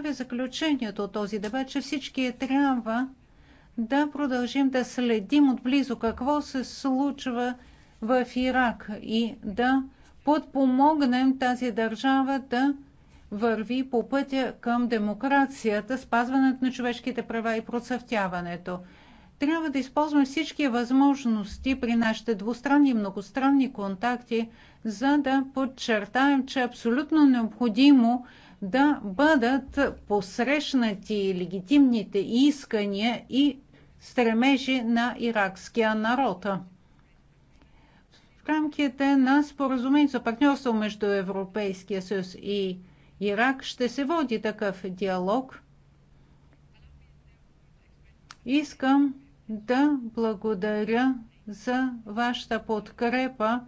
направя заключението от този дебат, че всички трябва да продължим да следим отблизо какво се случва в Ирак и да подпомогнем тази държава да върви по пътя към демокрацията, спазването на човешките права и процъфтяването. Трябва да използваме всички възможности при нашите двустранни и многостранни контакти, за да подчертаем, че е абсолютно необходимо да бъдат посрещнати легитимните искания и стремежи на иракския народ. В рамките на споразумението за партньорство между Европейския съюз и Ирак ще се води такъв диалог. Искам да благодаря за вашата подкрепа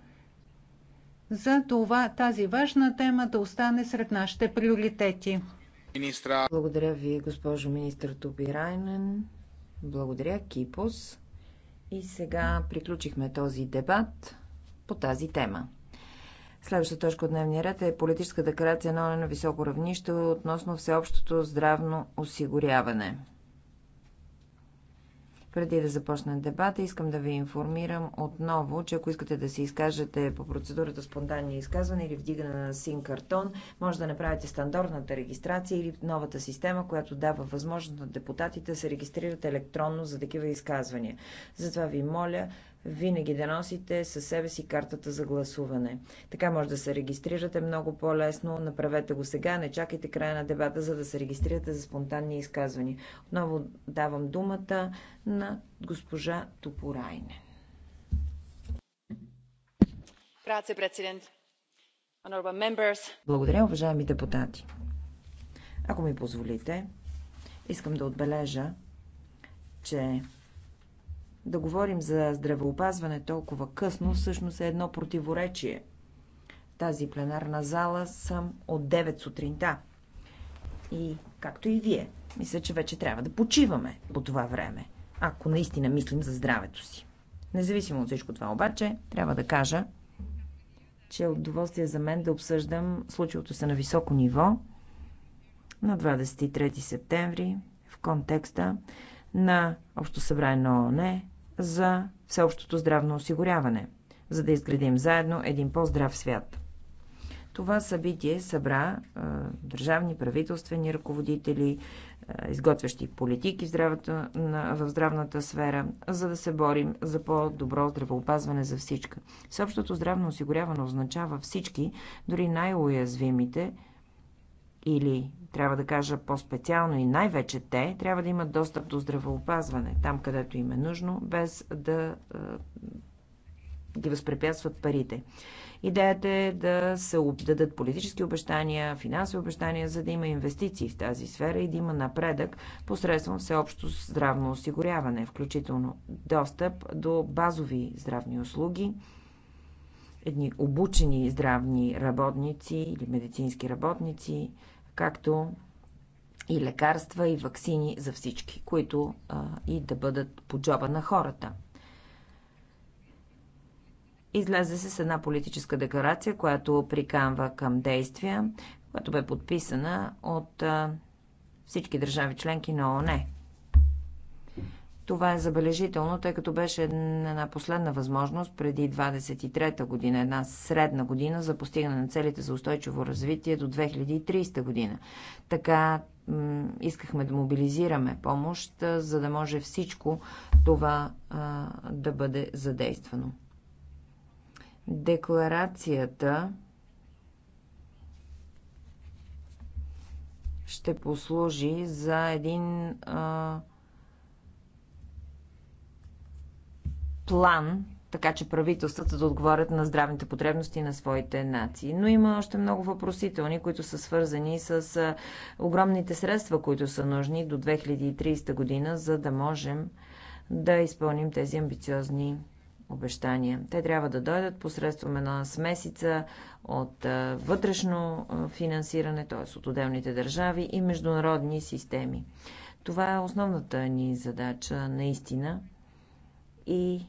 за това тази важна тема да остане сред нашите приоритети. Министра... Благодаря ви, госпожо министр Тубирайнен. Благодаря, Кипос. И сега приключихме този дебат по тази тема. Следващата точка от дневния ред е политическа декларация на на високо равнище относно всеобщото здравно осигуряване. Преди да започна дебата, искам да ви информирам отново, че ако искате да се изкажете по процедурата спонтанни изказване или вдигане на син картон, може да направите стандартната регистрация или новата система, която дава възможност на депутатите да се регистрират електронно за такива изказвания. Затова ви моля винаги да носите със себе си картата за гласуване. Така може да се регистрирате много по-лесно. Направете го сега, не чакайте края на дебата, за да се регистрирате за спонтанни изказвания. Отново давам думата на госпожа Топорайне. Благодаря, уважаеми депутати. Ако ми позволите, искам да отбележа, че да говорим за здравеопазване толкова късно, всъщност е едно противоречие. В тази пленарна зала съм от 9 сутринта. И както и вие, мисля, че вече трябва да почиваме по това време, ако наистина мислим за здравето си. Независимо от всичко това обаче, трябва да кажа, че е удоволствие за мен да обсъждам случилото се на високо ниво на 23 септември в контекста на Общо събрание на ООН за всеобщото здравно осигуряване, за да изградим заедно един по-здрав свят. Това събитие събра е, държавни, правителствени ръководители, е, изготвящи политики в здравната, на, в здравната сфера, за да се борим за по-добро здравеопазване за всички. Всеобщото здравно осигуряване означава всички, дори най-уязвимите, или трябва да кажа по-специално и най-вече те, трябва да имат достъп до здравеопазване, там където им е нужно, без да ги възпрепятстват парите. Идеята е да се дадат политически обещания, финансови обещания, за да има инвестиции в тази сфера и да има напредък посредством всеобщо здравно осигуряване, включително достъп до базови здравни услуги, едни обучени здравни работници или медицински работници, както и лекарства, и вакцини за всички, които а, и да бъдат по джоба на хората. Излезе се с една политическа декларация, която приканва към действия, която бе подписана от а, всички държави членки на ОНЕ. Това е забележително, тъй като беше една последна възможност преди 23-та година, една средна година за постигане на целите за устойчиво развитие до 2030 година. Така искахме да мобилизираме помощ, за да може всичко това а, да бъде задействано. Декларацията ще послужи за един а, план, така че правителствата да отговорят на здравните потребности на своите нации. Но има още много въпросителни, които са свързани с огромните средства, които са нужни до 2030 година, за да можем да изпълним тези амбициозни обещания. Те трябва да дойдат посредством една смесица от вътрешно финансиране, т.е. от отделните държави и международни системи. Това е основната ни задача наистина и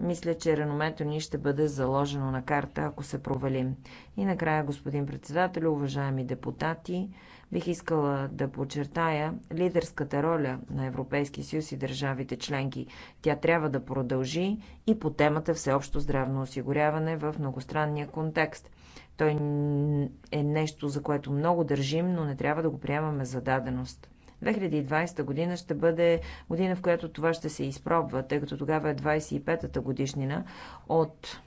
мисля, че реномето ни ще бъде заложено на карта, ако се провалим. И накрая, господин председател, уважаеми депутати, бих искала да подчертая лидерската роля на Европейския съюз и държавите членки. Тя трябва да продължи и по темата всеобщо здравно осигуряване в многостранния контекст. Той е нещо, за което много държим, но не трябва да го приемаме за даденост. 2020 година ще бъде година, в която това ще се изпробва, тъй като тогава е 25-та годишнина от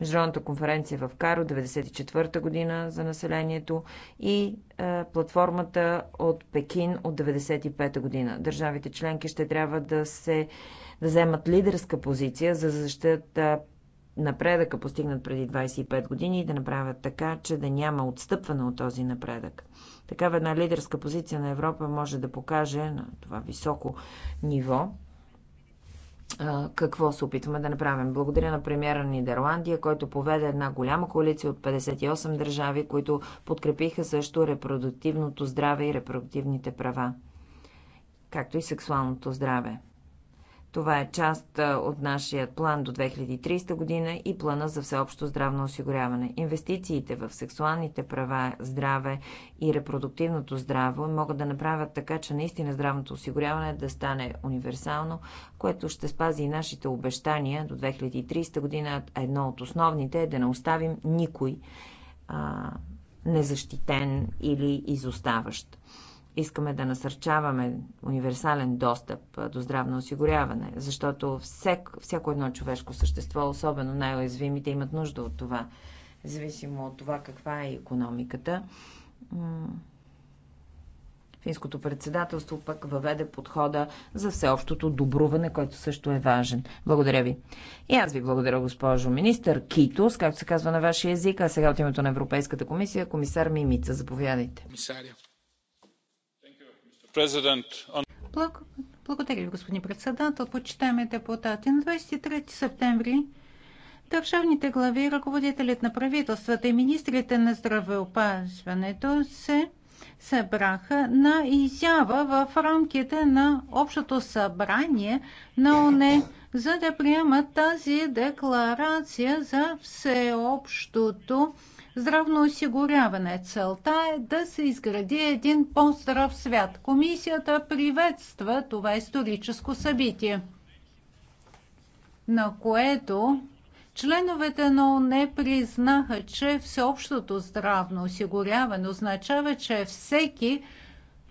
Международната конференция в Каро 94-та година за населението и е, платформата от Пекин от 95-та година. Държавите членки ще трябва да се да вземат лидерска позиция за защита е, напредъка, постигнат преди 25 години и да направят така, че да няма отстъпване от този напредък. Такава една лидерска позиция на Европа може да покаже на това високо ниво какво се опитваме да направим. Благодаря на премьера на Нидерландия, който поведе една голяма коалиция от 58 държави, които подкрепиха също репродуктивното здраве и репродуктивните права, както и сексуалното здраве. Това е част от нашия план до 2030 година и плана за всеобщо здравно осигуряване. Инвестициите в сексуалните права, здраве и репродуктивното здраво могат да направят така, че наистина здравното осигуряване да стане универсално, което ще спази и нашите обещания до 2030 година. Едно от основните е да не оставим никой а, незащитен или изоставащ. Искаме да насърчаваме универсален достъп до здравно осигуряване, защото всек, всяко едно човешко същество, особено най-уязвимите, имат нужда от това, зависимо от това каква е економиката. Финското председателство пък въведе подхода за всеобщото добруване, който също е важен. Благодаря ви. И аз ви благодаря, госпожо министър Китос, както се казва на вашия език, а сега от името на Европейската комисия, комисар Мимица. Заповядайте. Комисаря. Благодаря ви, господин председател. Почитаеме депутати. На 23 септември държавните глави, ръководителят на правителствата и министрите на здравеопазването се събраха на изява в рамките на Общото събрание на ОНЕ, за да приемат тази декларация за всеобщото Здравно осигуряване. Целта е да се изгради един по-здрав свят. Комисията приветства това историческо събитие, на което Членовете на ОНЕ признаха, че всеобщото здравно осигуряване означава, че всеки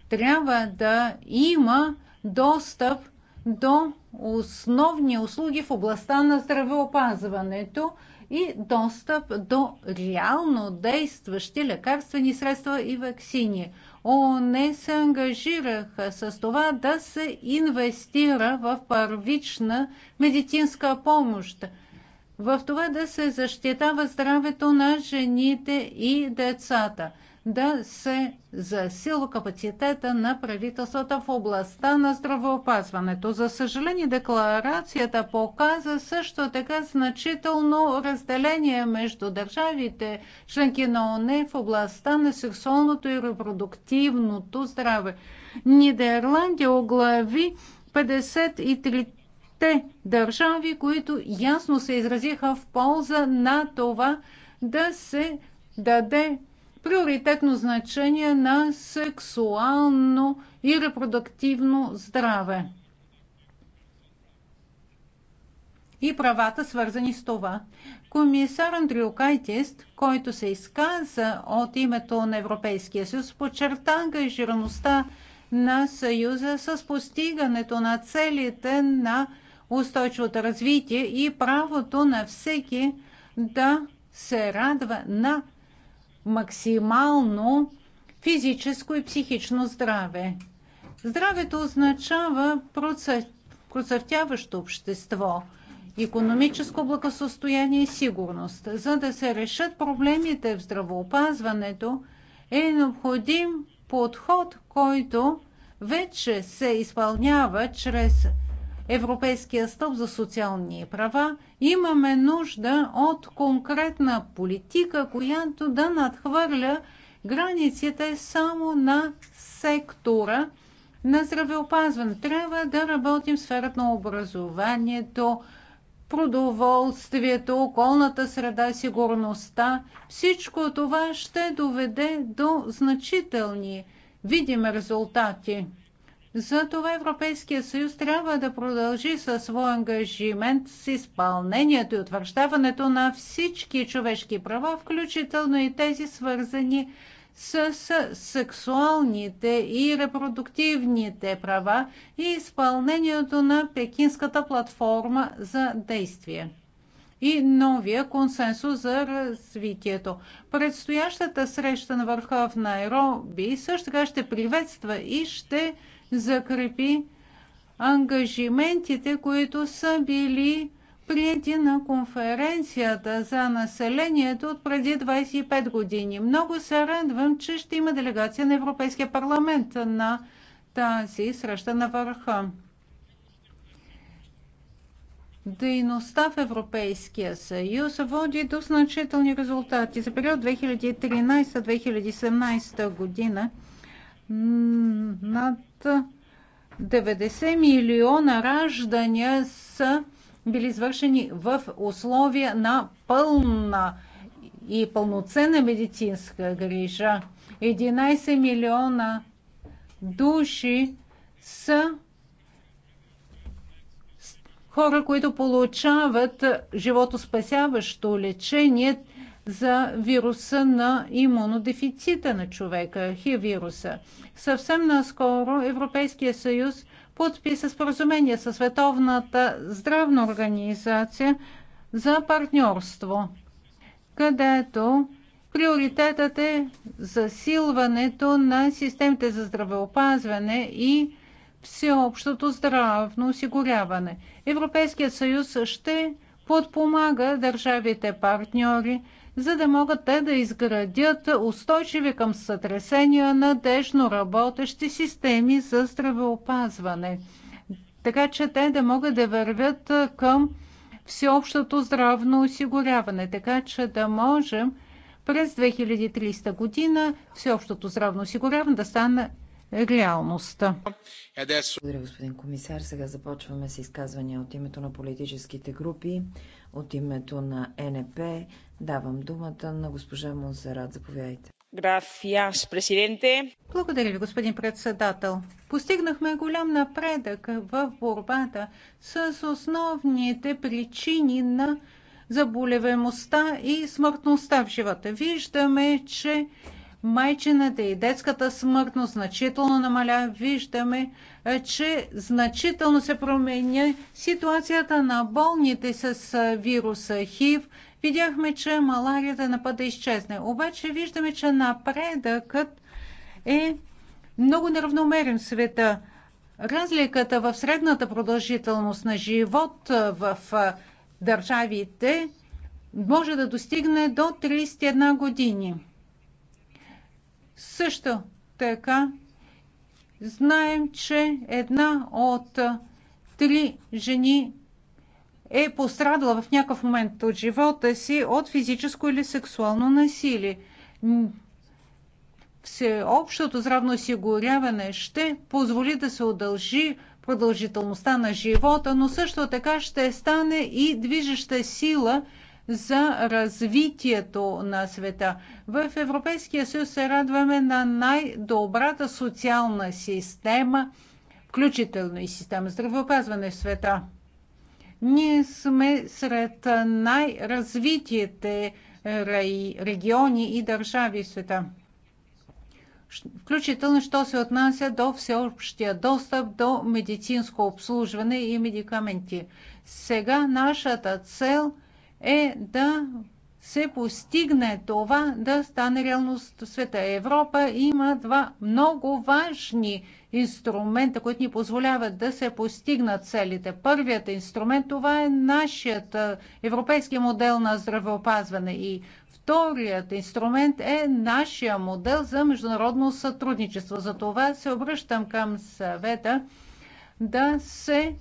трябва да има достъп до основни услуги в областта на здравеопазването и достъп до реално действащи лекарствени средства и вакцини. ООН се ангажираха с това да се инвестира в първична медицинска помощ, в това да се защитава здравето на жените и децата – да се засилва капацитета на правителствата в областта на здравеопазването. За съжаление, декларацията показа също така значително разделение между държавите, членки на ОНЕ в областта на сексуалното и репродуктивното здраве. Нидерландия оглави 53 те държави, които ясно се изразиха в полза на това да се даде приоритетно значение на сексуално и репродуктивно здраве и правата, свързани с това. Комисар Андрио Кайтист, който се изказа от името на Европейския съюз, подчерта ангажираността на Съюза с постигането на целите на устойчивото развитие и правото на всеки да се радва на максимално физическо и психично здраве. Здравето означава процъфтяващо общество, економическо благосостояние и сигурност. За да се решат проблемите в здравоопазването, е необходим подход, който вече се изпълнява чрез Европейския стълб за социални права, имаме нужда от конкретна политика, която да надхвърля границите само на сектора на здравеопазване. Трябва да работим в сферата на образованието, продоволствието, околната среда, сигурността. Всичко това ще доведе до значителни видими резултати. Затова Европейския съюз трябва да продължи със своя ангажимент с изпълнението и утвърждаването на всички човешки права, включително и тези свързани с сексуалните и репродуктивните права и изпълнението на Пекинската платформа за действие и новия консенсус за развитието. Предстоящата среща на върха в Найроби също така ще приветства и ще закрепи ангажиментите, които са били прияти на конференцията за населението от преди 25 години. Много се радвам, че ще има делегация на Европейския парламент на тази среща на върха. Дейността в Европейския съюз води до значителни резултати. За период 2013-2017 година над 90 милиона раждания са били извършени в условия на пълна и пълноценна медицинска грижа. 11 милиона души са хора, които получават животоспасяващо лечение за вируса на имунодефицита на човека, хивируса. вируса. Съвсем наскоро Европейския съюз подписа споразумение със Световната здравна организация за партньорство, където приоритетът е засилването на системите за здравеопазване и всеобщото здравно осигуряване. Европейският съюз ще подпомага държавите партньори за да могат те да изградят устойчиви към сътресения надежно работещи системи за здравеопазване. Така че те да могат да вървят към всеобщото здравно осигуряване, така че да можем през 2300 година всеобщото здравно осигуряване да стане реалност. Благодаря, господин комисар. Сега започваме с изказвания от името на политическите групи, от името на НП. Давам думата на госпожа Монсерат. Заповядайте. Gracias, presidente. Благодаря ви, господин председател. Постигнахме голям напредък в борбата с основните причини на заболеваемостта и смъртността в живота. Виждаме, че майчината и детската смъртност значително намаля. Виждаме, че значително се променя ситуацията на болните с вируса ХИВ – видяхме, че маларията напада изчезне. Обаче виждаме, че напредъкът е много неравномерен в света. Разликата в средната продължителност на живот в държавите може да достигне до 31 години. Също така знаем, че една от три жени е пострадала в някакъв момент от живота си от физическо или сексуално насилие. Всеобщото здравно осигуряване ще позволи да се удължи продължителността на живота, но също така ще стане и движеща сила за развитието на света. В Европейския съюз се радваме на най-добрата социална система, включително и система здравеопазване в света. Ние сме сред най-развитите региони и държави в света. Включително, що се отнася до всеобщия достъп до медицинско обслужване и медикаменти. Сега нашата цел е да се постигне това да стане реалност в света. Европа има два много важни инструмента, които ни позволяват да се постигнат целите. Първият инструмент това е нашият европейски модел на здравеопазване и вторият инструмент е нашия модел за международно сътрудничество. За това се обръщам към съвета да се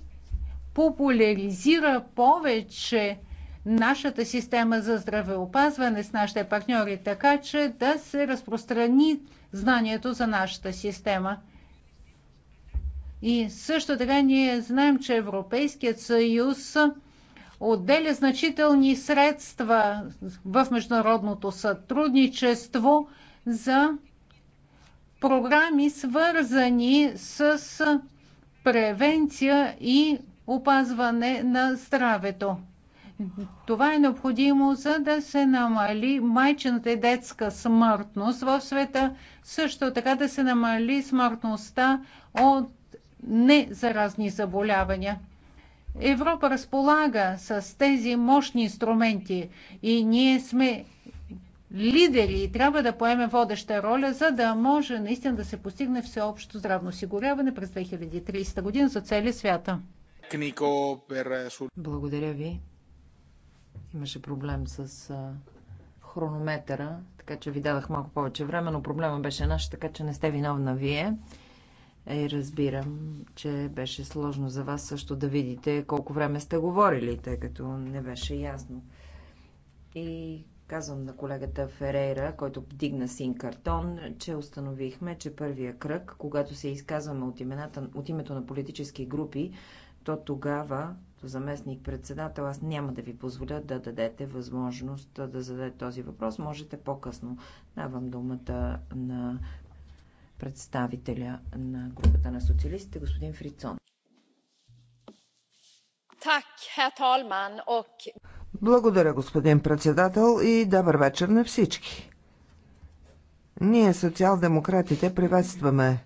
популяризира повече нашата система за здравеопазване с нашите партньори, така че да се разпространи знанието за нашата система. И също така ние знаем, че Европейският съюз отделя значителни средства в международното сътрудничество за програми, свързани с превенция и опазване на здравето. Това е необходимо, за да се намали майчината и детска смъртност в света, също така да се намали смъртността от незаразни заболявания. Европа разполага с тези мощни инструменти и ние сме лидери и трябва да поеме водеща роля, за да може наистина да се постигне всеобщо здравно осигуряване през 2030 година за целия свята. Благодаря ви. Имаше проблем с хронометъра, така че ви дадах малко повече време, но проблема беше наш, така че не сте виновна вие. Е, разбирам, че беше сложно за вас също да видите колко време сте говорили, тъй като не беше ясно. И казвам на колегата Ферейра, който вдигна син картон, че установихме, че първия кръг, когато се изказваме от, имената, от името на политически групи, то тогава, като заместник-председател, аз няма да ви позволя да дадете възможност да зададете този въпрос. Можете по-късно. Давам думата на представителя на групата на социалистите, господин Фрицон. Благодаря, господин председател, и добър вечер на всички. Ние, социал-демократите, приветстваме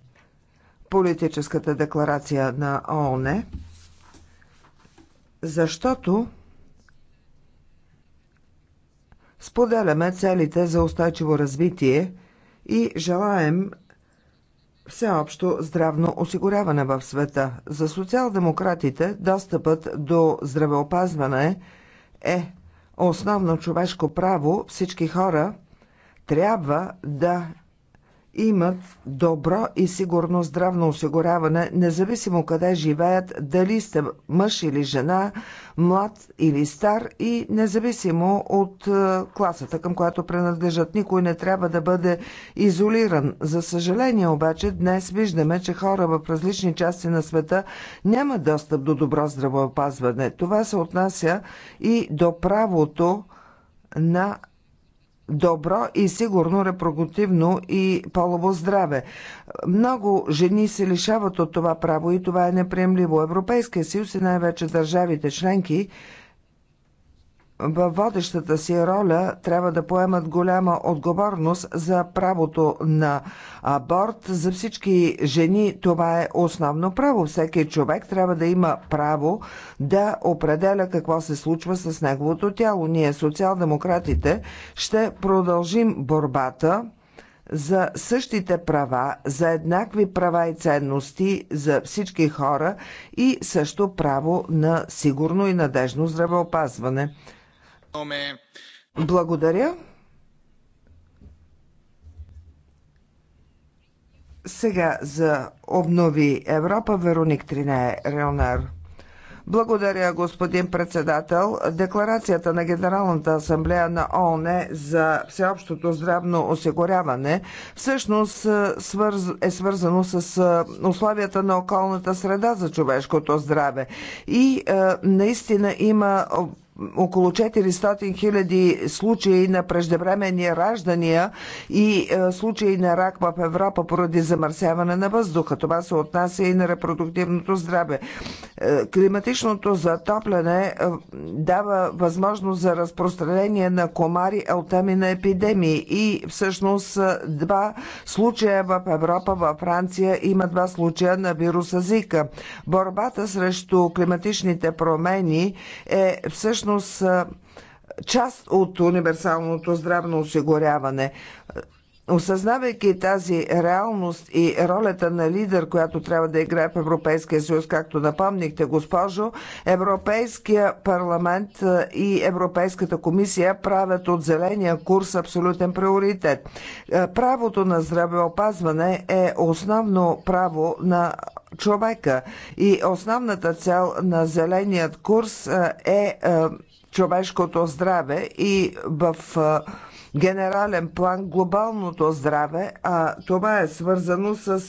политическата декларация на ООН, защото споделяме целите за устойчиво развитие и желаем всеобщо здравно осигуряване в света. За социал-демократите достъпът до здравеопазване е основно човешко право. Всички хора трябва да имат добро и сигурно здравно осигуряване, независимо къде живеят, дали сте мъж или жена, млад или стар и независимо от е, класата, към която принадлежат. Никой не трябва да бъде изолиран. За съжаление обаче, днес виждаме, че хора в различни части на света няма достъп до добро здравеопазване. Това се отнася и до правото на добро и сигурно репродуктивно и полово здраве. Много жени се лишават от това право и това е неприемливо. Европейския съюз и най-вече държавите членки във водещата си роля трябва да поемат голяма отговорност за правото на аборт. За всички жени това е основно право. Всеки човек трябва да има право да определя какво се случва с неговото тяло. Ние, социал-демократите, ще продължим борбата за същите права, за еднакви права и ценности за всички хора и също право на сигурно и надежно здравеопазване. Благодаря. Сега за обнови Европа Вероник Трине Реонар. Благодаря, господин председател. Декларацията на Генералната асамблея на ООН за всеобщото здравно осигуряване всъщност е, е свързано с е, условията на околната среда за човешкото здраве. И е, наистина има около 400 хиляди случаи на преждевременни раждания и е, случаи на рак в Европа поради замърсяване на въздуха. Това се отнася и на репродуктивното здраве. Е, климатичното затопляне е, дава възможност за разпространение на комари, елтами на епидемии и всъщност два случая в Европа, във Франция има два случая на вируса Зика. Борбата срещу климатичните промени е всъщност всъщност са част от универсалното здравно осигуряване. Осъзнавайки тази реалност и ролята на лидер, която трябва да играе в Европейския съюз, както напомнихте, госпожо, Европейския парламент и Европейската комисия правят от зеления курс абсолютен приоритет. Правото на здравеопазване е основно право на човека. И основната цел на зеленият курс е, е, е човешкото здраве и в е, генерален план глобалното здраве, а това е свързано с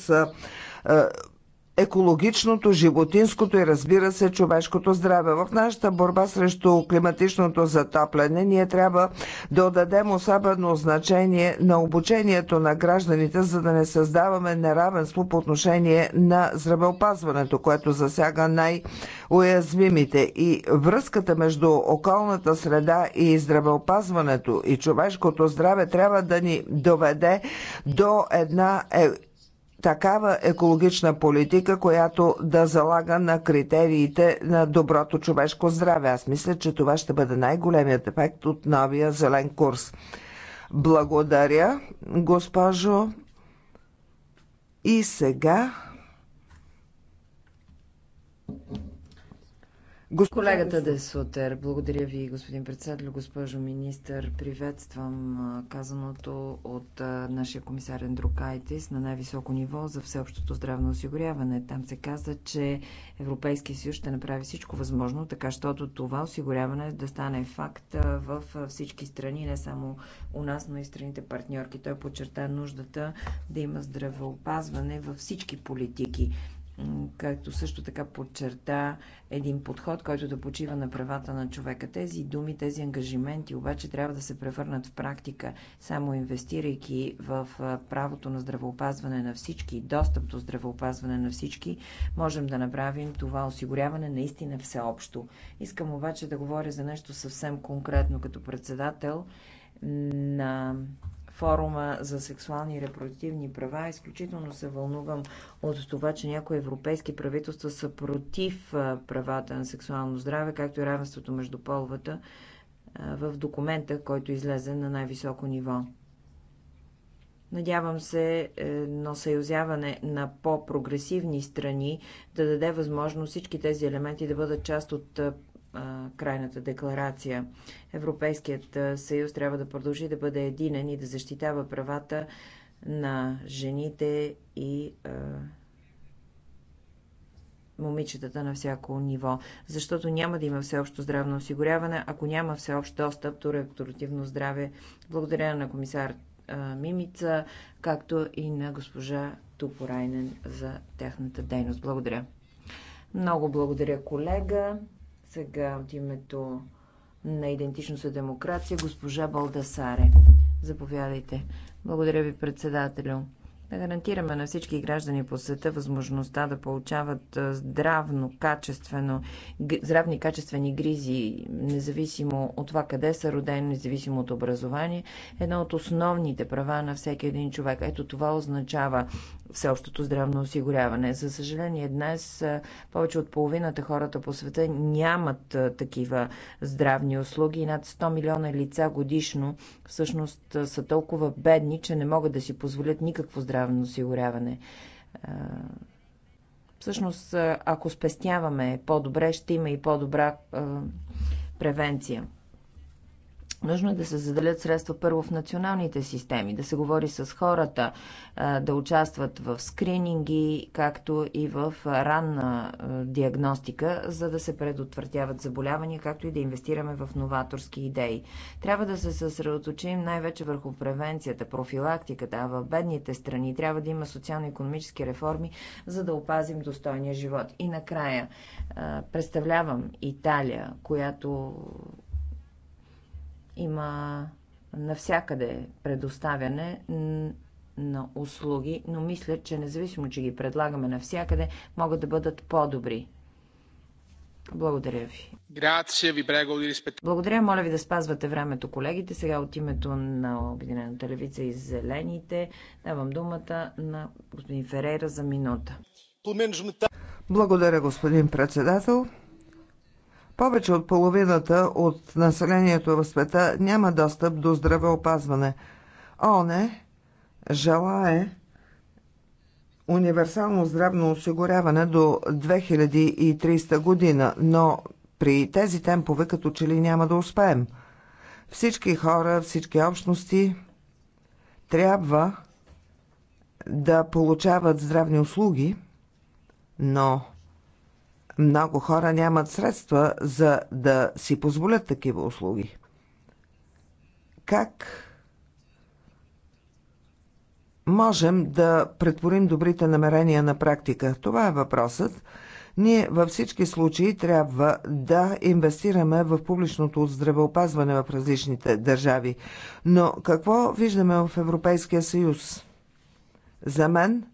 екологичното, животинското и разбира се човешкото здраве. В нашата борба срещу климатичното затапляне ние трябва да отдадем особено значение на обучението на гражданите, за да не създаваме неравенство по отношение на здравеопазването, което засяга най-уязвимите. И връзката между околната среда и здравеопазването и човешкото здраве трябва да ни доведе до една е- такава екологична политика, която да залага на критериите на доброто човешко здраве. Аз мисля, че това ще бъде най-големият ефект от новия зелен курс. Благодаря, госпожо. И сега Госпожа... Колегата Сутер, благодаря ви, господин председател, госпожо министър. Приветствам казаното от нашия комисар Ендрукайтис на най-високо ниво за всеобщото здравно осигуряване. Там се каза, че Европейския съюз ще направи всичко възможно, така щото това осигуряване да стане факт в всички страни, не само у нас, но и страните партньорки. Той подчерта нуждата да има здравеопазване във всички политики както също така подчерта един подход, който да почива на правата на човека. Тези думи, тези ангажименти обаче трябва да се превърнат в практика. Само инвестирайки в правото на здравеопазване на всички, достъп до здравеопазване на всички, можем да направим това осигуряване наистина всеобщо. Искам обаче да говоря за нещо съвсем конкретно като председател на форума за сексуални и репродуктивни права. Изключително се вълнувам от това, че някои европейски правителства са против правата на сексуално здраве, както и равенството между полвата в документа, който излезе на най-високо ниво. Надявам се е, едно съюзяване на по-прогресивни страни да даде възможност всички тези елементи да бъдат част от а, крайната декларация. Европейският съюз трябва да продължи да бъде единен и да защитава правата на жените и а, момичетата на всяко ниво, защото няма да има всеобщо здравно осигуряване, ако няма всеобщ достъп до репродуктивно здраве. Благодаря на комисар Мимица, както и на госпожа Тупорайнен за тяхната дейност. Благодаря. Много благодаря, колега. Сега от името на идентичност и демокрация госпожа Балдасаре. Заповядайте. Благодаря ви, председателю да гарантираме на всички граждани по света възможността да получават здравно, качествено, здравни качествени гризи, независимо от това къде са родени, независимо от образование, едно от основните права на всеки един човек. Ето това означава всеобщото здравно осигуряване. За съжаление, днес повече от половината хората по света нямат такива здравни услуги. Над 100 милиона лица годишно всъщност са толкова бедни, че не могат да си позволят никакво здраве здравно осигуряване. Всъщност, ако спестяваме по-добре, ще има и по-добра превенция. Нужно е да се заделят средства първо в националните системи, да се говори с хората, да участват в скрининги, както и в ранна диагностика, за да се предотвратяват заболявания, както и да инвестираме в новаторски идеи. Трябва да се съсредоточим най-вече върху превенцията, профилактиката, а в бедните страни трябва да има социално-економически реформи, за да опазим достойния живот. И накрая, представлявам Италия, която има навсякъде предоставяне на услуги, но мисля, че независимо, че ги предлагаме навсякъде, могат да бъдат по-добри. Благодаря ви. Благодаря, моля ви да спазвате времето, колегите. Сега от името на Обединената левица и Зелените давам думата на господин Ферейра за минута. Благодаря, господин председател. Повече от половината от населението в света няма достъп до здравеопазване. ОНЕ желае универсално здравно осигуряване до 2300 година, но при тези темпове като че ли няма да успеем. Всички хора, всички общности трябва да получават здравни услуги, но много хора нямат средства за да си позволят такива услуги. Как можем да претворим добрите намерения на практика? Това е въпросът. Ние във всички случаи трябва да инвестираме в публичното здравеопазване в различните държави. Но какво виждаме в Европейския съюз? За мен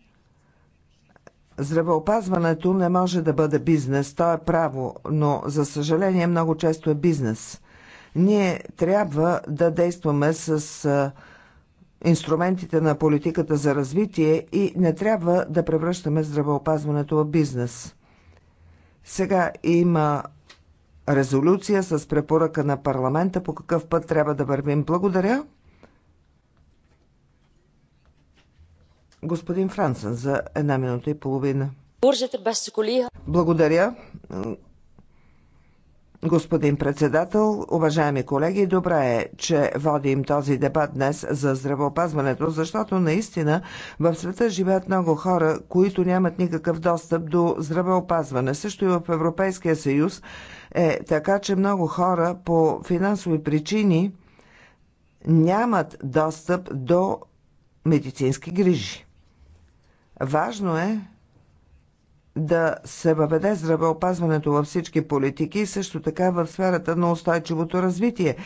Здравеопазването не може да бъде бизнес, то е право, но за съжаление много често е бизнес. Ние трябва да действаме с инструментите на политиката за развитие и не трябва да превръщаме здравеопазването в бизнес. Сега има резолюция с препоръка на парламента по какъв път трябва да вървим. Благодаря. Господин Франсен, за една минута и половина. Благодаря. Господин председател, уважаеми колеги, добре е, че водим този дебат днес за здравеопазването, защото наистина в света живеят много хора, които нямат никакъв достъп до здравеопазване. Също и в Европейския съюз е така, че много хора по финансови причини нямат достъп до медицински грижи. Важно е да се въведе здравеопазването във всички политики и също така в сферата на устойчивото развитие.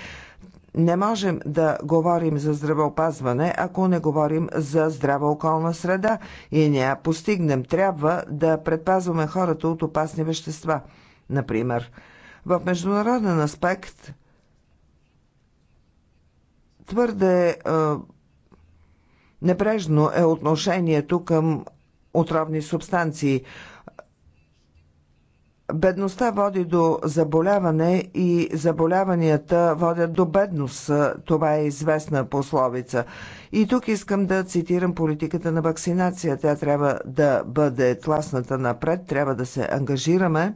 Не можем да говорим за здравеопазване, ако не говорим за здрава околна среда и не я постигнем. Трябва да предпазваме хората от опасни вещества, например. В международен аспект твърде е, Небрежно е отношението към отровни субстанции. Бедността води до заболяване и заболяванията водят до бедност. Това е известна пословица. И тук искам да цитирам политиката на вакцинация. Тя трябва да бъде тласната напред, трябва да се ангажираме.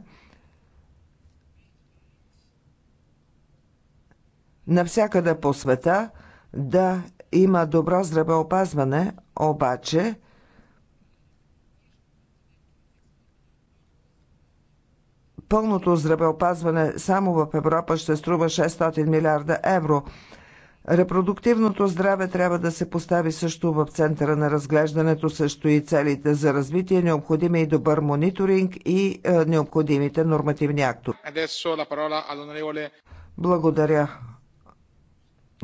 Навсякъде по света да има добро здравеопазване, обаче пълното здравеопазване само в Европа ще струва 600 милиарда евро. Репродуктивното здраве трябва да се постави също в центъра на разглеждането, също и целите за развитие, необходими е и добър мониторинг и е, необходимите нормативни актове. Благодаря,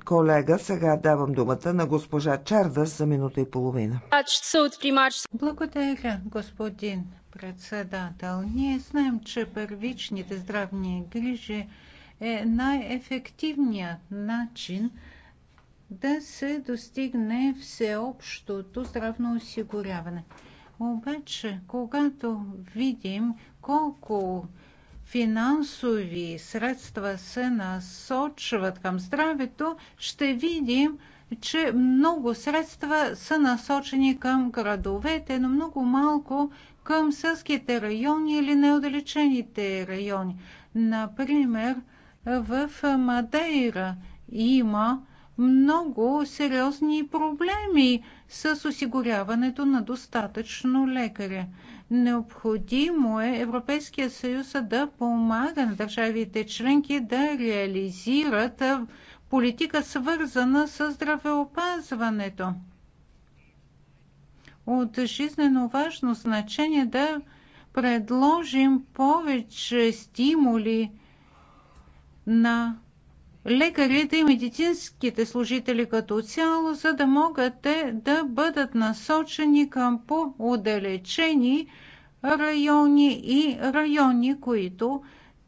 колега, сега давам думата на госпожа Чардас за минута и половина. Благодаря, господин председател. Ние знаем, че първичните здравни грижи е най-ефективният начин да се достигне всеобщото здравно осигуряване. Обаче, когато видим колко финансови средства се насочват към здравето, ще видим, че много средства са насочени към градовете, но много малко към сълските райони или неодалечените райони. Например, в Мадейра има много сериозни проблеми с осигуряването на достатъчно лекаря. Необходимо е Европейския съюз да помага на държавите членки да реализират политика свързана с здравеопазването. От жизнено важно значение да предложим повече стимули на лекарите и медицинските служители като цяло, за да могат те да бъдат насочени към по-отдалечени райони и райони, които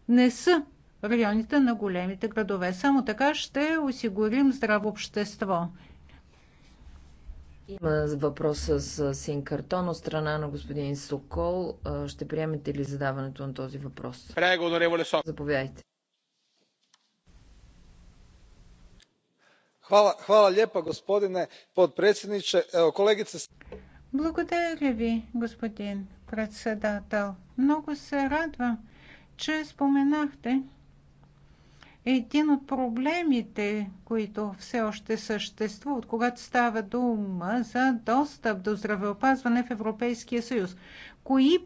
не са районите на големите градове. Само така ще осигурим здраво общество. Има въпрос с син картон от страна на господин Сокол. Ще приемете ли задаването на този въпрос? Заповядайте. gospodine predsjedavajući благодаря ви господин председател. много се радвам че споменахте един от проблемите, които все още съществуват, когато става дума за достъп до здравеопазване в Европейския съюз. Кои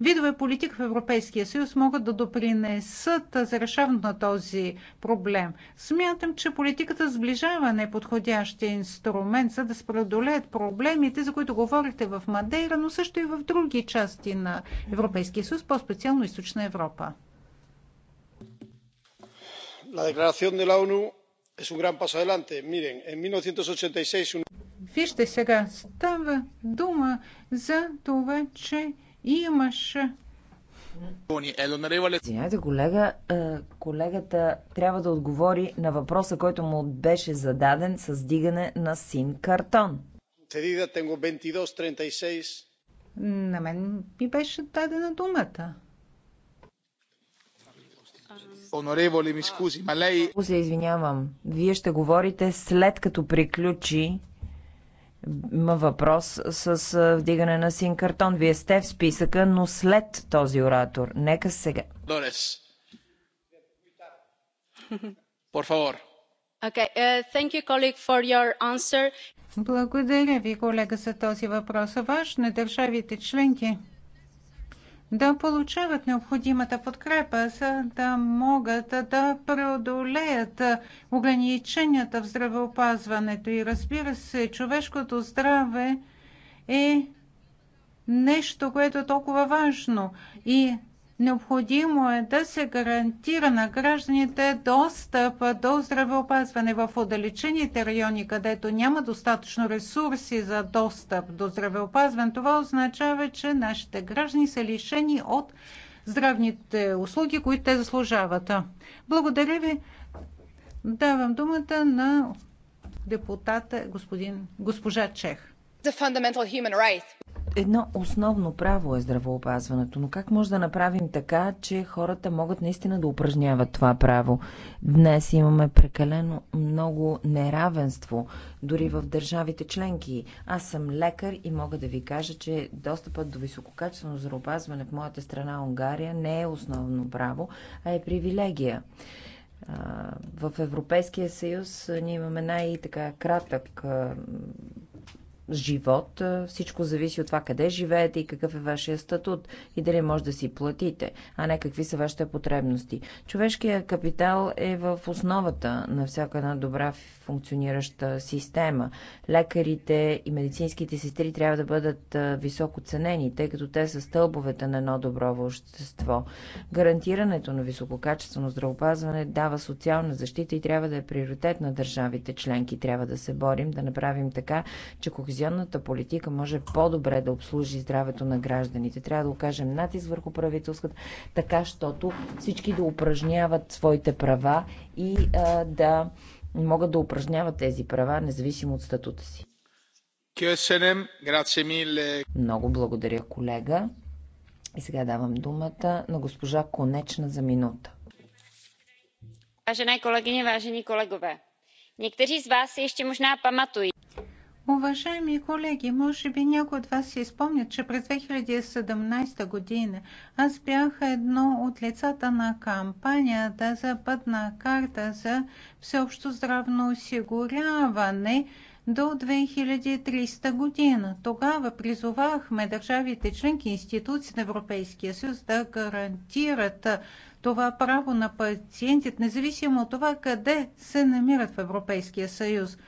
видове политик в Европейския съюз могат да допринесат за решаването на този проблем. Смятам, че политиката сближаване е подходящия инструмент, за да се преодолеят проблемите, за които говорите в Мадейра, но също и в други части на Европейския съюз, по-специално Източна Европа. La declaración de la ONU es un gran paso adelante. Miren, en 1986... Вижте сега, става дума за това, че имаш. Извинявайте, колега, колегата трябва да отговори на въпроса, който му беше зададен с дигане на син картон. На мен ми беше дадена думата. Онореволе, ми скузи, ма лей... Се извинявам. Вие ще говорите след като приключи има въпрос с вдигане на син картон. Вие сте в списъка, но след този оратор. Нека сега. Дорес. Por favor. Okay, uh, thank you, colleague, for your answer. Благодаря ви, колега, за този въпрос. Важно е държавите членки да получават необходимата подкрепа, за да могат да преодолеят ограниченията в здравеопазването. И разбира се, човешкото здраве е нещо, което е толкова важно. И Необходимо е да се гарантира на гражданите достъп до здравеопазване в отдалечените райони, където няма достатъчно ресурси за достъп до здравеопазване. Това означава, че нашите граждани са лишени от здравните услуги, които те заслужават. Благодаря ви. Давам думата на депутата господин, госпожа Чех едно основно право е здравоопазването, но как може да направим така, че хората могат наистина да упражняват това право? Днес имаме прекалено много неравенство, дори в държавите членки. Аз съм лекар и мога да ви кажа, че достъпът до висококачествено здравоопазване в моята страна Унгария не е основно право, а е привилегия. В Европейския съюз ние имаме най-така кратък живот. Всичко зависи от това къде живеете и какъв е вашия статут и дали може да си платите, а не какви са вашите потребности. Човешкият капитал е в основата на всяка една добра функционираща система. Лекарите и медицинските сестри трябва да бъдат високо ценени, тъй като те са стълбовете на едно добро общество. Гарантирането на висококачествено здравопазване дава социална защита и трябва да е приоритет на държавите членки. Трябва да се борим, да направим така, че когато кохезионната политика може по-добре да обслужи здравето на гражданите. Трябва да окажем натиск върху правителствата, така, щото всички да упражняват своите права и а, да могат да упражняват тези права, независимо от статута си. Много благодаря, колега. И сега давам думата на госпожа Конечна за минута. Vážené kolegyně, vážení kolegové, někteří z vás si ještě možná pamatují. Уважаеми колеги, може би някои от вас си спомнят, че през 2017 година аз бях едно от лицата на кампанията за пътна карта за всеобщо здравно осигуряване до 2300 година. Тогава призовахме държавите членки и институции на Европейския съюз да гарантират това право на пациентите, независимо от това къде се намират в Европейския съюз –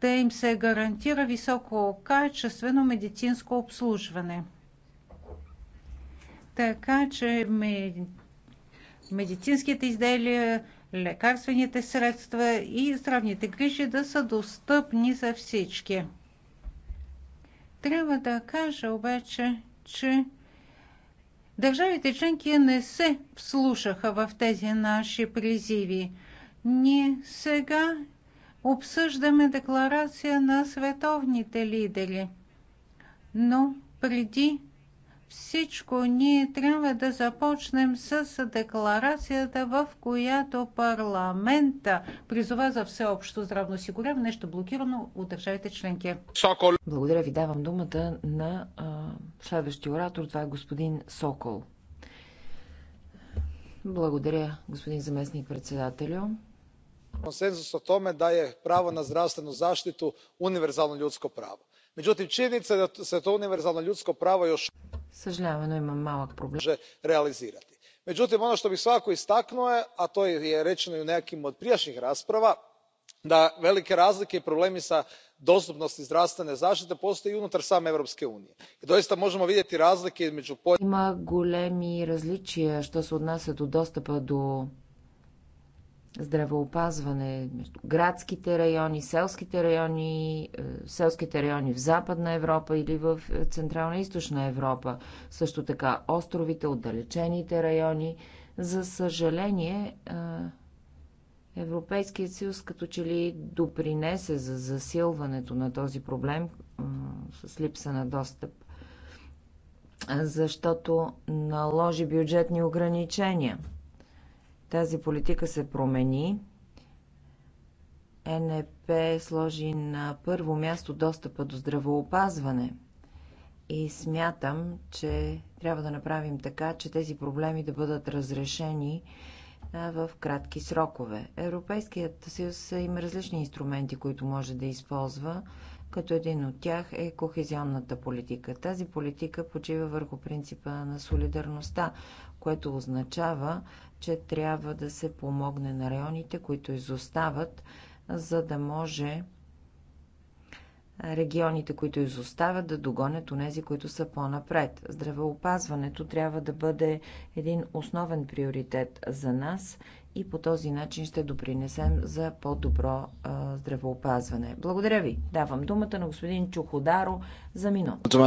да им се гарантира високо качествено медицинско обслужване. Така че медицинските изделия, лекарствените средства и здравните грижи да са достъпни за всички. Трябва да кажа обаче, че държавите членки не се вслушаха в тези наши призиви. Ние сега обсъждаме декларация на световните лидери. Но преди всичко ние трябва да започнем с декларацията, в която парламента призова за всеобщо здравно осигуряване, нещо блокирано от държавите членки. Сокол. Благодаря ви, давам думата на а, следващия оратор, това е господин Сокол. Благодаря, господин заместник председателю konsenzus o tome da je pravo na zdravstvenu zaštitu univerzalno ljudsko pravo. međutim činjenica je da se to univerzalno ljudsko pravo još uvijek ne može realizirati. međutim ono što bih svakako istaknuo a to je rečeno i u nekim od prijašnjih rasprava da velike razlike i problemi s dostupnosti zdravstvene zaštite postoje i unutar same europske unije i doista možemo vidjeti razlike između. има големи различия се отнася до достъпа до здравеопазване между градските райони, селските райони, е, селските райони в Западна Европа или в е, Централна и Източна Европа. Също така островите, отдалечените райони. За съжаление, е, Европейският съюз като че ли допринесе за засилването на този проблем с липса на достъп, защото наложи бюджетни ограничения – тази политика се промени. НП сложи на първо място достъпа до здравоопазване. И смятам, че трябва да направим така, че тези проблеми да бъдат разрешени в кратки срокове. Европейският съюз има различни инструменти, които може да използва, като един от тях е кохезионната политика. Тази политика почива върху принципа на солидарността, което означава, че трябва да се помогне на районите, които изостават, за да може регионите, които изостават да догонят онези, които са по-напред. Здравеопазването трябва да бъде един основен приоритет за нас и по този начин ще допринесем за по-добро здравеопазване. Благодаря ви. Давам думата на господин Чуходаро за минута.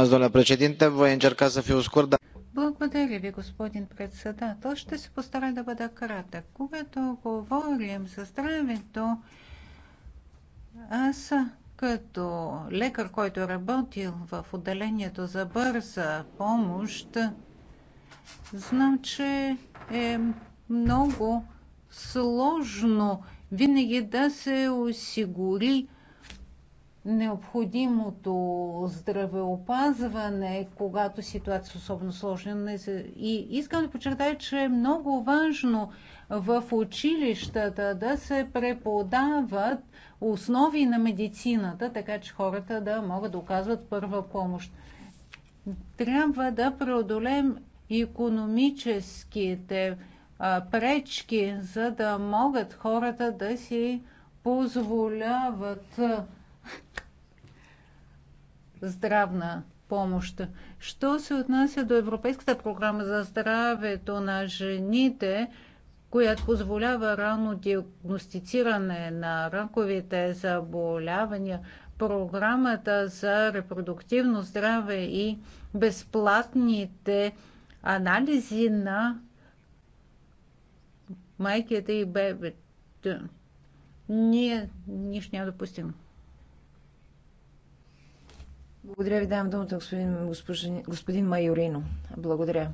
Благодаря ви, господин председател. Ще се постара да бъда кратък. Когато говорим за здравето, аз като лекар, който е работил в отделението за бърза помощ, знам, че е много сложно винаги да се осигури необходимото здравеопазване, когато ситуация е особено сложна. И искам да подчертая, че е много важно в училищата да се преподават основи на медицината, така че хората да могат да оказват първа помощ. Трябва да преодолем економическите пречки, за да могат хората да си позволяват здравна помощ. Що се отнася до Европейската програма за здравето на жените, която позволява рано диагностициране на раковите заболявания, програмата за репродуктивно здраве и безплатните анализи на майките и бебето. Ние нищо няма допустим. Благодаря ви, давам думата господин, господин Майорино. Благодаря.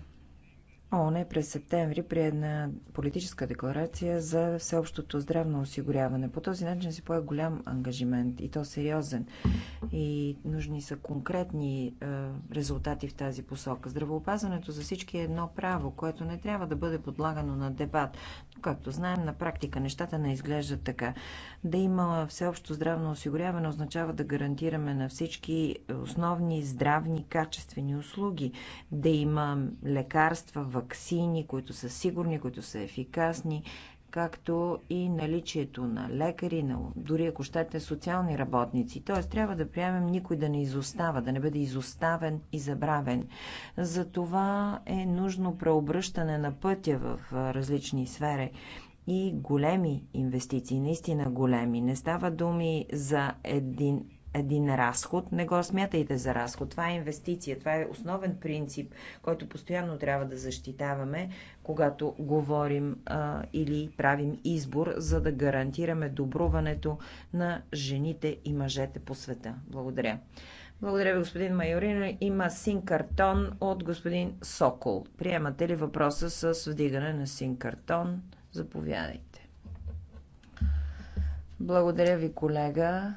ООН е през септември при една политическа декларация за всеобщото здравно осигуряване. По този начин се пое голям ангажимент и то сериозен. И нужни са конкретни е, резултати в тази посока. Здравоопазването за всички е едно право, което не трябва да бъде подлагано на дебат. Но, както знаем, на практика нещата не изглеждат така. Да има всеобщо здравно осигуряване означава да гарантираме на всички основни здравни качествени услуги, да има лекарства, ваксини, които са сигурни, които са ефикасни, както и наличието на лекари, на, дори ако щете социални работници. Т.е. трябва да приемем никой да не изостава, да не бъде изоставен и забравен. За това е нужно преобръщане на пътя в различни сфери и големи инвестиции, наистина големи. Не става думи за един един разход, не го смятайте за разход. Това е инвестиция, това е основен принцип, който постоянно трябва да защитаваме, когато говорим а, или правим избор, за да гарантираме добруването на жените и мъжете по света. Благодаря. Благодаря ви, господин Майорин. Има син картон от господин Сокол. Приемате ли въпроса с вдигане на син картон? Заповядайте. Благодаря ви, колега.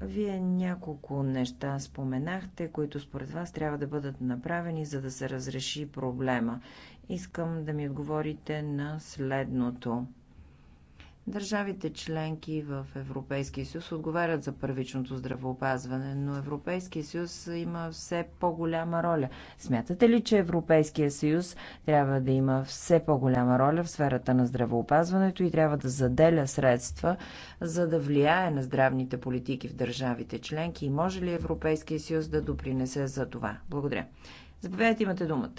Вие няколко неща споменахте, които според вас трябва да бъдат направени, за да се разреши проблема. Искам да ми отговорите на следното. Държавите членки в Европейския съюз отговарят за първичното здравеопазване, но Европейския съюз има все по-голяма роля. Смятате ли, че Европейския съюз трябва да има все по-голяма роля в сферата на здравеопазването и трябва да заделя средства, за да влияе на здравните политики в държавите членки и може ли Европейския съюз да допринесе за това? Благодаря. Заповядайте, имате думата.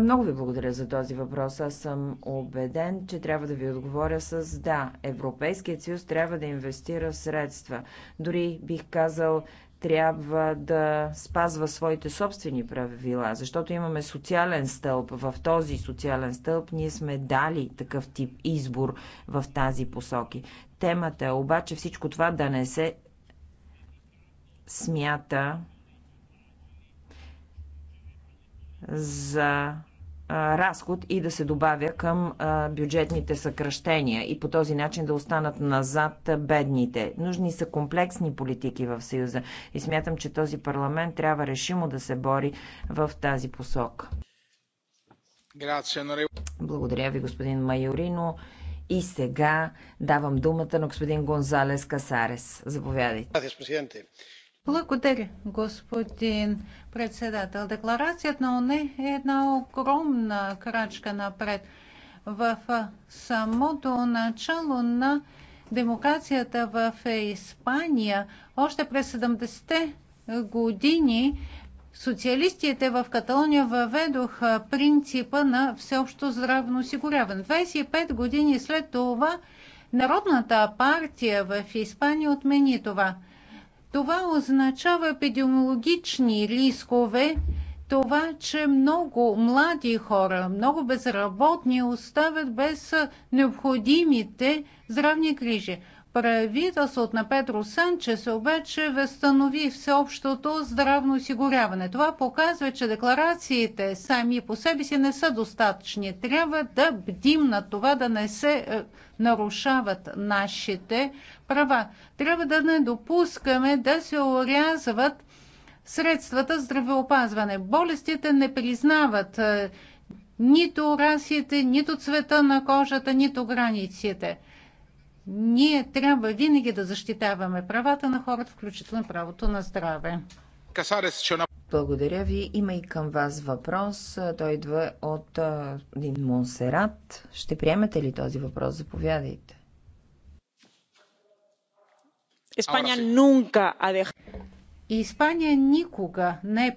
Много ви благодаря за този въпрос. Аз съм убеден, че трябва да ви отговоря с да. Европейският съюз трябва да инвестира в средства. Дори бих казал, трябва да спазва своите собствени правила, защото имаме социален стълб. В този социален стълб ние сме дали такъв тип избор в тази посоки. Темата е обаче всичко това да не се смята за разход и да се добавя към бюджетните съкръщения и по този начин да останат назад бедните. Нужни са комплексни политики в Съюза и смятам, че този парламент трябва решимо да се бори в тази посока. Нали? Благодаря ви, господин Майорино. И сега давам думата на господин Гонзалес Касарес. Заповядайте. Благодаря, господин председател. Декларацията на ОНЕ е една огромна крачка напред. В самото начало на демокрацията в е, Испания, още през 70-те години, социалистите в Каталония въведоха принципа на всеобщо здравно осигуряване. 25 години след това Народната партия в Испания отмени това – това означава епидемиологични рискове, това, че много млади хора, много безработни оставят без необходимите здравни грижи. Правителството на Петро Санчес обаче възстанови всеобщото здравно осигуряване. Това показва, че декларациите сами по себе си не са достатъчни. Трябва да бдим на това да не се е, нарушават нашите права. Трябва да не допускаме да се урязват средствата здравеопазване. Болестите не признават е, нито расите, нито цвета на кожата, нито границите. Ние трябва винаги да защитаваме правата на хората, включително правото на здраве. Благодаря ви. Има и към вас въпрос. Той идва от е, Дин Монсерат. Ще приемете ли този въпрос? Заповядайте. Испания nunca ha dejado. Испания никога не е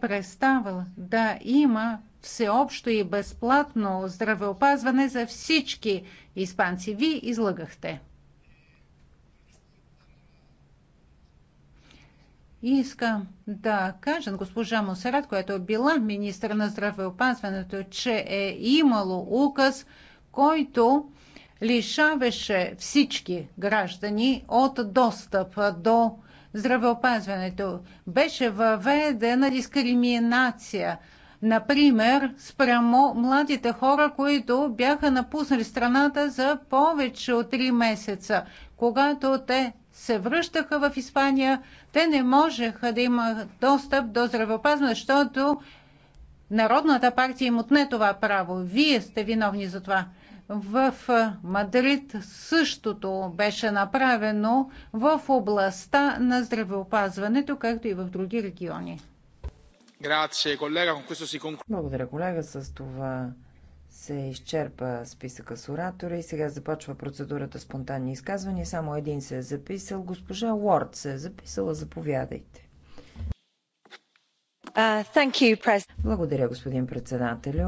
да има всеобщо и безплатно здравеопазване за всички испанци. Ви излагахте. И искам да кажа госпожа Мусерат, която е била министър на здравеопазването, че е имало указ, който лишаваше всички граждани от достъп до здравеопазването. Беше въведена дискриминация Например, спрямо младите хора, които бяха напуснали страната за повече от 3 месеца. Когато те се връщаха в Испания, те не можеха да имат достъп до здравеопазване, защото Народната партия им отне това право. Вие сте виновни за това. В Мадрид същото беше направено в областта на здравеопазването, както и в други региони. Благодаря, колега. С това се изчерпа списъка с оратора и сега започва процедурата спонтанни изказвания. Само един се е записал. Госпожа Уорд се е записала. Заповядайте. Uh, you, Благодаря, господин председателю.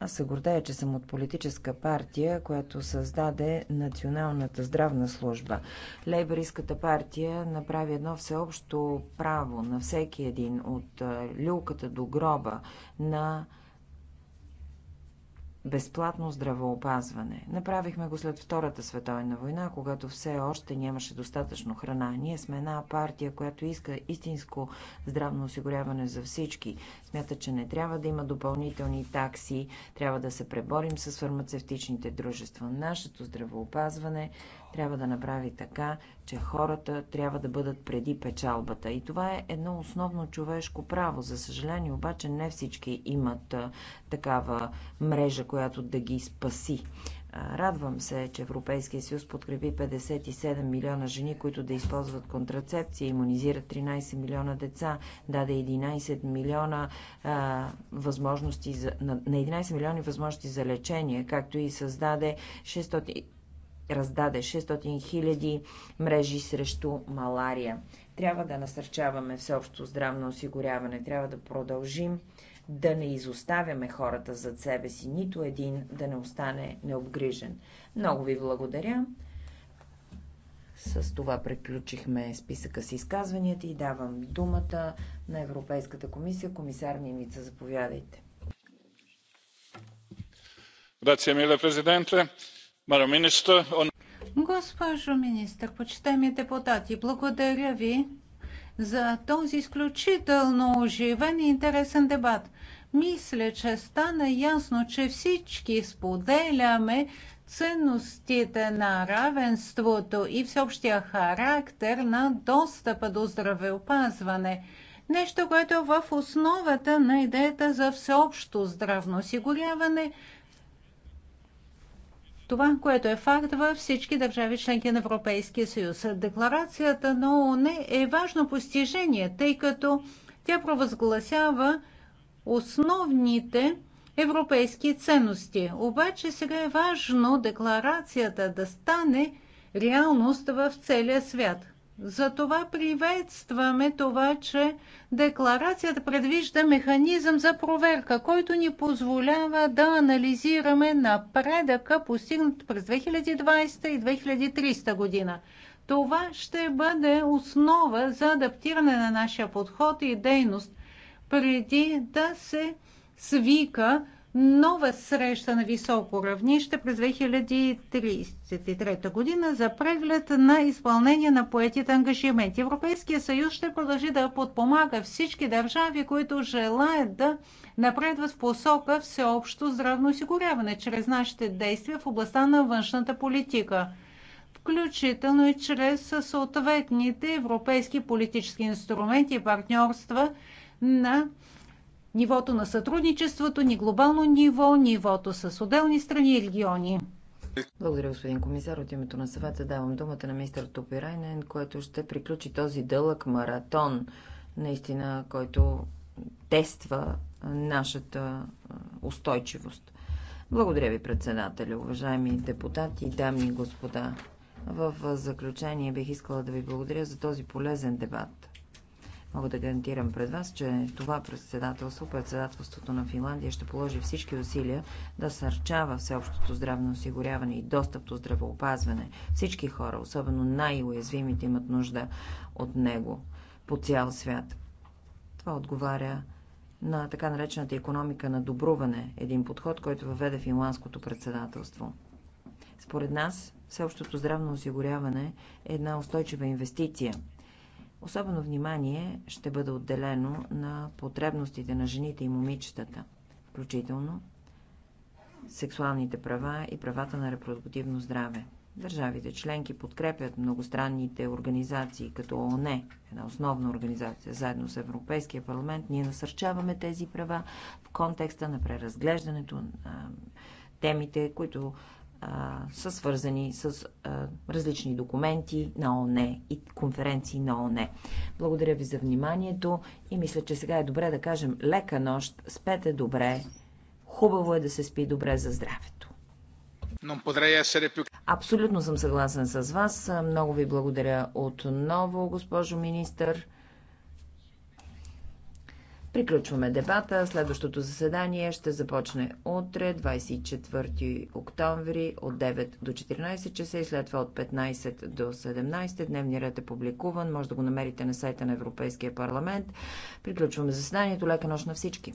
Аз се гордея, че съм от политическа партия, която създаде Националната здравна служба. Лейбористската партия направи едно всеобщо право на всеки един от люлката до гроба на безплатно здравоопазване. Направихме го след Втората световна война, когато все още нямаше достатъчно храна. Ние сме една партия, която иска истинско здравно осигуряване за всички. Смята, че не трябва да има допълнителни такси, трябва да се преборим с фармацевтичните дружества. Нашето здравоопазване трябва да направи така, че хората трябва да бъдат преди печалбата. И това е едно основно човешко право. За съжаление обаче не всички имат такава мрежа, която да ги спаси. Радвам се, че Европейския съюз подкрепи 57 милиона жени, които да използват контрацепция, иммунизират 13 милиона деца, даде 11 милиона а, възможности за, на, 11 милиони възможности за лечение, както и създаде 600, раздаде 600 000 мрежи срещу малария. Трябва да насърчаваме всеобщо здравно осигуряване, трябва да продължим да не изоставяме хората зад себе си, нито един да не остане необгрижен. Много ви благодаря. С това приключихме списъка с изказванията и давам думата на Европейската комисия. Комисар Мимица, заповядайте. Grazie mille, Presidente. Госпожо министър, почитаеми депутати, благодаря ви за този изключително оживен и интересен дебат. Мисля, че стана ясно, че всички споделяме ценностите на равенството и всеобщия характер на достъпа до здравеопазване. Нещо, което е в основата на идеята за всеобщо здравно осигуряване – това, което е факт във всички държави членки на Европейския съюз. Декларацията на ООН е важно постижение, тъй като тя провъзгласява основните европейски ценности. Обаче сега е важно декларацията да стане реалност в целия свят. Затова приветстваме това, че декларацията предвижда механизъм за проверка, който ни позволява да анализираме напредъка, постигнат през 2020 и 2300 година. Това ще бъде основа за адаптиране на нашия подход и дейност преди да се свика нова среща на високо равнище през 2033 година за преглед на изпълнение на поетите ангажименти. Европейския съюз ще продължи да подпомага всички държави, които желаят да напредват в посока всеобщо здравно осигуряване чрез нашите действия в областта на външната политика включително и чрез съответните европейски политически инструменти и партньорства на нивото на сътрудничеството, ни глобално ниво, нивото с отделни страни и региони. Благодаря, господин комисар. От името на съвета давам думата на мистер Топирайнен, който ще приключи този дълъг маратон, наистина, който тества нашата устойчивост. Благодаря ви, председатели, уважаеми депутати, дами и господа. В заключение бих искала да ви благодаря за този полезен дебат. Мога да гарантирам пред вас, че това председателство, председателството на Финландия ще положи всички усилия да сърчава всеобщото здравно осигуряване и достъп до здравеопазване. Всички хора, особено най-уязвимите, имат нужда от него по цял свят. Това отговаря на така наречената економика на добруване, един подход, който въведе финландското председателство. Според нас, всеобщото здравно осигуряване е една устойчива инвестиция – Особено внимание ще бъде отделено на потребностите на жените и момичетата, включително сексуалните права и правата на репродуктивно здраве. Държавите членки подкрепят многостранните организации като ООН, една основна организация, заедно с Европейския парламент. Ние насърчаваме тези права в контекста на преразглеждането на темите, които са свързани с различни документи на ОНЕ и конференции на ОНЕ. Благодаря ви за вниманието и мисля, че сега е добре да кажем лека нощ, спете добре, хубаво е да се спи добре за здравето. Абсолютно съм съгласен с вас. Много ви благодаря отново, госпожо министър. Приключваме дебата. Следващото заседание ще започне утре, 24 октомври, от 9 до 14 часа и след това от 15 до 17. Дневният ред е публикуван. Може да го намерите на сайта на Европейския парламент. Приключваме заседанието. Лека нощ на всички!